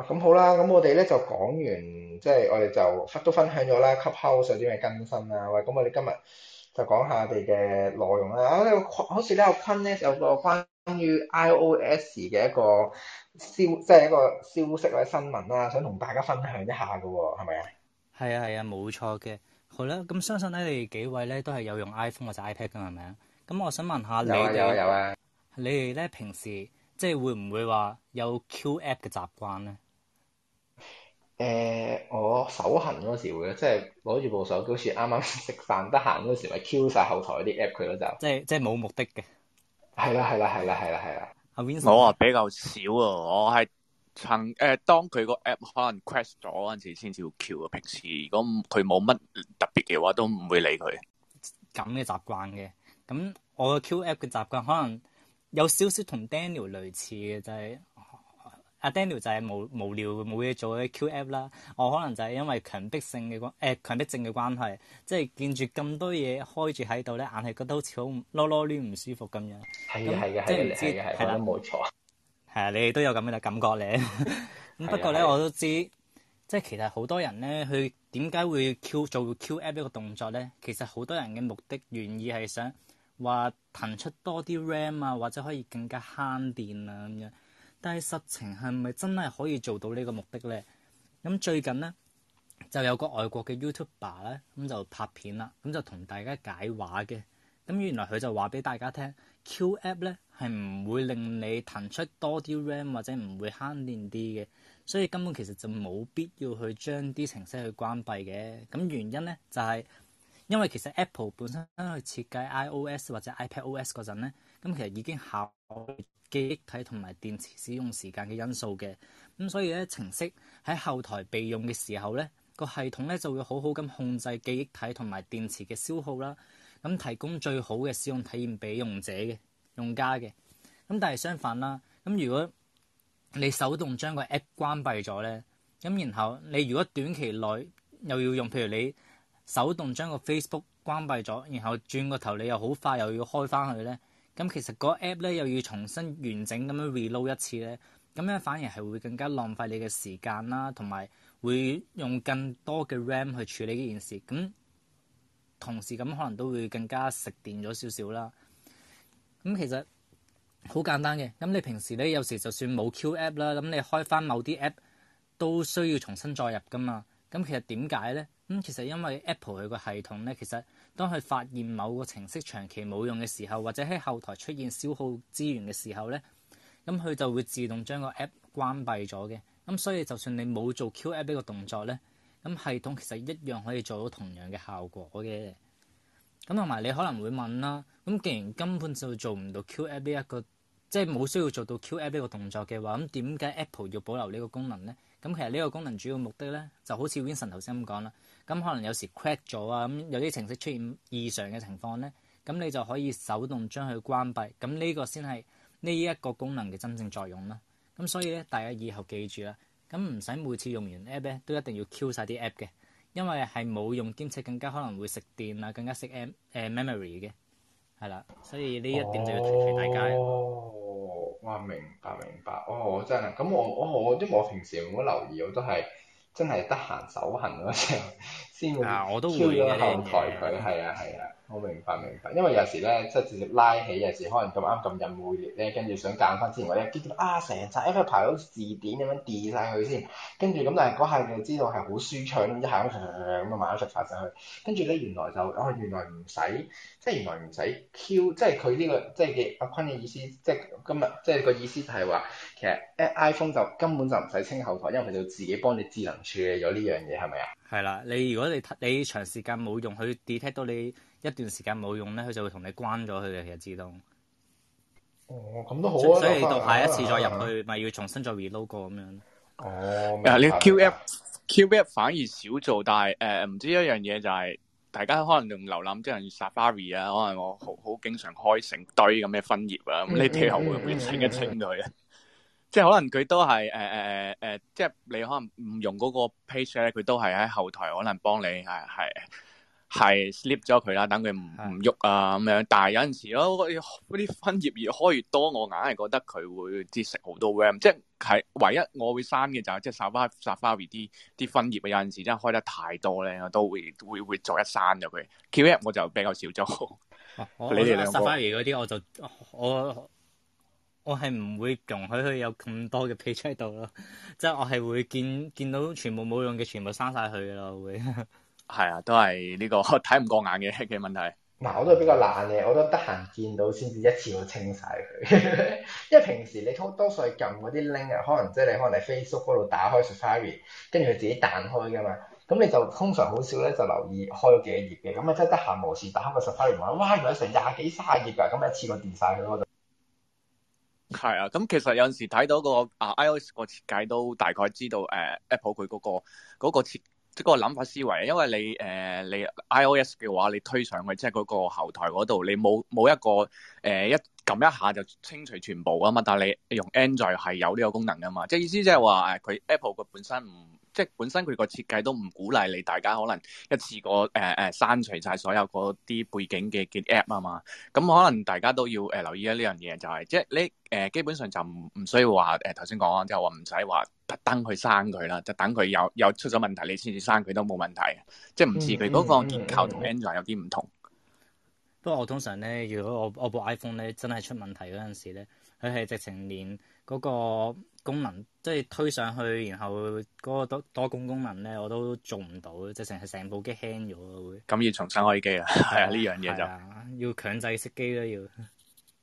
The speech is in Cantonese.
咁好啦，咁我哋咧就講完，即係我哋就都分享咗啦 Clubhouse 上啲嘅更新啦、啊。喂，咁我哋今日就講下我哋嘅內容啦、啊。啊，呢個好似呢個坤咧有個關於 iOS 嘅一個消，即係一個消息或者新聞啦、啊，想同大家分享一下嘅喎，係咪啊？係啊係啊，冇、啊、錯嘅。好啦，咁相信咧，你哋幾位咧都係有用 iPhone 或者 iPad 嘅，係咪啊？咁我想問,問下你哋咧、啊啊啊，平時。即係會唔會話有 Q app 嘅習慣咧？誒、呃，我手痕嗰時會即係攞住部手機，好似啱啱食飯得閒嗰時，咪 Q 晒 l 後台啲 app 佢咯，就即係即係冇目的嘅。係啦，係啦，係啦，係啦，係啦。阿 Vincent，我啊比較少啊，我係曾誒、呃、當佢個 app 可能 crash 咗嗰陣時先至會 Q 啊。平時如果佢冇乜特別嘅話，都唔會理佢咁嘅習慣嘅。咁我嘅 Q app 嘅習慣可能。有少少同 Daniel 類似嘅，就係、是、阿、啊、Daniel 就係無無聊冇嘢做嗰 Q App 啦。我、啊、可能就係因為強迫性嘅關誒強迫症嘅關係，即、就、係、是、見住咁多嘢開住喺度咧，硬係覺得好似好囉囉攣唔舒服咁樣。係啊，係啊，係啊，係啊，係啦，冇錯。係啊，你哋都有咁嘅感覺咧？咁 不過咧呢，的我都知，即係的其實好多人咧，佢點解會 Q 做 Q App 一個動作咧？其實好多人嘅目的原意係想。話騰出多啲 RAM 啊，或者可以更加慳電啊咁樣，但係實情係咪真係可以做到呢個目的咧？咁最近咧就有個外國嘅 YouTuber 咧咁就拍片啦，咁就同大家解話嘅。咁原來佢就話俾大家聽，Q App 咧係唔會令你騰出多啲 RAM 或者唔會慳電啲嘅，所以根本其實就冇必要去將啲程式去關閉嘅。咁原因咧就係、是。因為其實 Apple 本身去設計 iOS 或者 iPadOS 嗰陣咧，咁其實已經考記憶體同埋電池使用時間嘅因素嘅，咁所以咧程式喺後台備用嘅時候咧，個系統咧就會好好咁控制記憶體同埋電池嘅消耗啦，咁提供最好嘅使用體驗俾用者嘅用家嘅。咁但係相反啦，咁如果你手動將個 app 關閉咗咧，咁然後你如果短期內又要用，譬如你。手動將個 Facebook 關閉咗，然後轉個頭你又好快又要開翻佢呢，咁其實嗰個 app 咧又要重新完整咁樣 reload 一次呢，咁樣反而係會更加浪費你嘅時間啦，同埋會用更多嘅 RAM 去處理呢件事，咁同時咁可能都會更加食電咗少少啦。咁其實好簡單嘅，咁你平時呢，有時就算冇 Q App 啦，咁你開翻某啲 App 都需要重新再入噶嘛，咁其實點解呢？咁其實因為 Apple 佢個系統咧，其實當佢發現某個程式長期冇用嘅時候，或者喺後台出現消耗資源嘅時候咧，咁佢就會自動將個 App 關閉咗嘅。咁所以就算你冇做 Q App 呢個動作咧，咁系統其實一樣可以做到同樣嘅效果嘅。咁同埋你可能會問啦，咁既然根本就做唔到 Q App 呢一個，即係冇需要做到 Q App 呢個動作嘅話，咁點解 Apple 要保留呢個功能咧？咁其實呢個功能主要目的咧，就好似 Winson 頭先咁講啦。咁可能有時 crash 咗啊，咁有啲程式出現異常嘅情況咧，咁你就可以手動將佢關閉。咁呢個先係呢一個功能嘅真正作用啦。咁所以咧，大家以後記住啦。咁唔使每次用完 app 咧都一定要 Q 晒啲 app 嘅，因為係冇用兼且更加可能會食電啊，更加食 m 誒 memory 嘅，係啦。所以呢一點就要提提大家。Oh. 哇，明白明白，哦，我真係，咁、嗯、我我我都我平時冇留意，我都係真係得閒手痕嗰陣。先超咗後台佢，係啊係啊，我 明白明白。因為有時咧，即係直接拉起，有時可能咁啱咁任滿熱咧，跟住想揀翻之前嗰啲，結果啊成扎 app 排到字典咁樣跌晒佢先，跟住咁但係嗰下就知道係好舒暢，一下咁樣咁啊買咗出發上去，跟住咧原來就哦、啊、原來唔使即係原來唔使 Q，即係佢呢個即係嘅阿坤嘅意思，即係今日即係、這個意思就係話其實 iPhone 就根本就唔使清後台，因為佢就自己幫你智能處理咗呢樣嘢，係咪啊？係啦，你如果你你長時間冇用佢 detect 到你一段時間冇用咧，佢就會同你關咗佢嘅自動。哦，咁都好啊。所以到下一次再入去，咪要重新再 reload 過咁樣。哦，誒你 QF QF 反而少做，但係誒唔知一樣嘢就係、是，大家可能用瀏覽器，即係用 Safari 啊，可能我好好經常開成堆咁嘅分頁啊，咁你之後會唔會清一清佢啊？嗯嗯嗯嗯嗯嗯嗯嗯即係可能佢都係誒誒誒誒，即係你可能唔用嗰個 page 咧，佢都係喺後台可能幫你係係係 slip 咗佢啦，等佢唔唔喐啊咁樣。但係有陣時咯，嗰、哦、啲分頁越開越多，我硬係覺得佢會 RAM，即係食好多即係係唯一我會刪嘅就係、是、即係 Safari Safari 啲啲分頁啊，有陣時真係開得太多咧，都會會會做一刪咗佢。QF 我就比較少咗。我 你哋兩 Safari 嗰啲我就我。我係唔會容許佢有咁多嘅 page 喺度咯，即係我係會見見到全部冇用嘅，全部刪晒佢嘅咯，會。係啊，都係呢個睇唔過眼嘅嘅問題。嗱、啊，我都係比較懶嘅，我都得閒見到先至一次過清晒佢。 因為平時你多數係撳嗰啲 link 啊，可能即係你可能喺 Facebook 嗰度打開 Safari，跟住佢自己彈開噶嘛。咁你就通常好少咧，就留意開咗幾多頁嘅。咁啊，真係得閒無事打開 Safari 望，哇！原來成廿幾卅頁㗎，咁一次過 delete 晒佢。係啊，咁、嗯、其實有陣時睇到、嗰個啊 iOS 個設計都大概知道誒、呃、Apple 佢嗰、嗰個嗰設即係個諗、嗰個、法思維啊，因為你誒、呃、你 iOS 嘅話，你推上去即係嗰個後台嗰度，你冇冇一個誒、呃、一撳一下就清除全部啊嘛，但係你用 Android 係有呢個功能噶嘛，即係意思即係話誒佢 Apple 佢本身唔。即係本身佢個設計都唔鼓勵你，大家可能一次過誒誒刪除晒所有嗰啲背景嘅嘅 app 啊嘛。咁可能大家都要誒、呃、留意啊呢樣嘢，就係即係你誒、呃、基本上就唔唔需要話誒頭先講即係話唔使話特登去刪佢啦，就是、等佢有有出咗問題你先至刪佢都冇問題。即係唔似佢嗰個結構同 Android 有啲唔同。嗯嗯嗯、不過我通常咧，如果我我部 iPhone 咧真係出問題嗰陣時咧，佢係直情連。嗰個功能即係推上去，然後嗰個多多功能咧，我都做唔到，就成係成部機 hang 咗會。咁要重新開機 啊？係啊，呢樣嘢就要強制熄機啦要。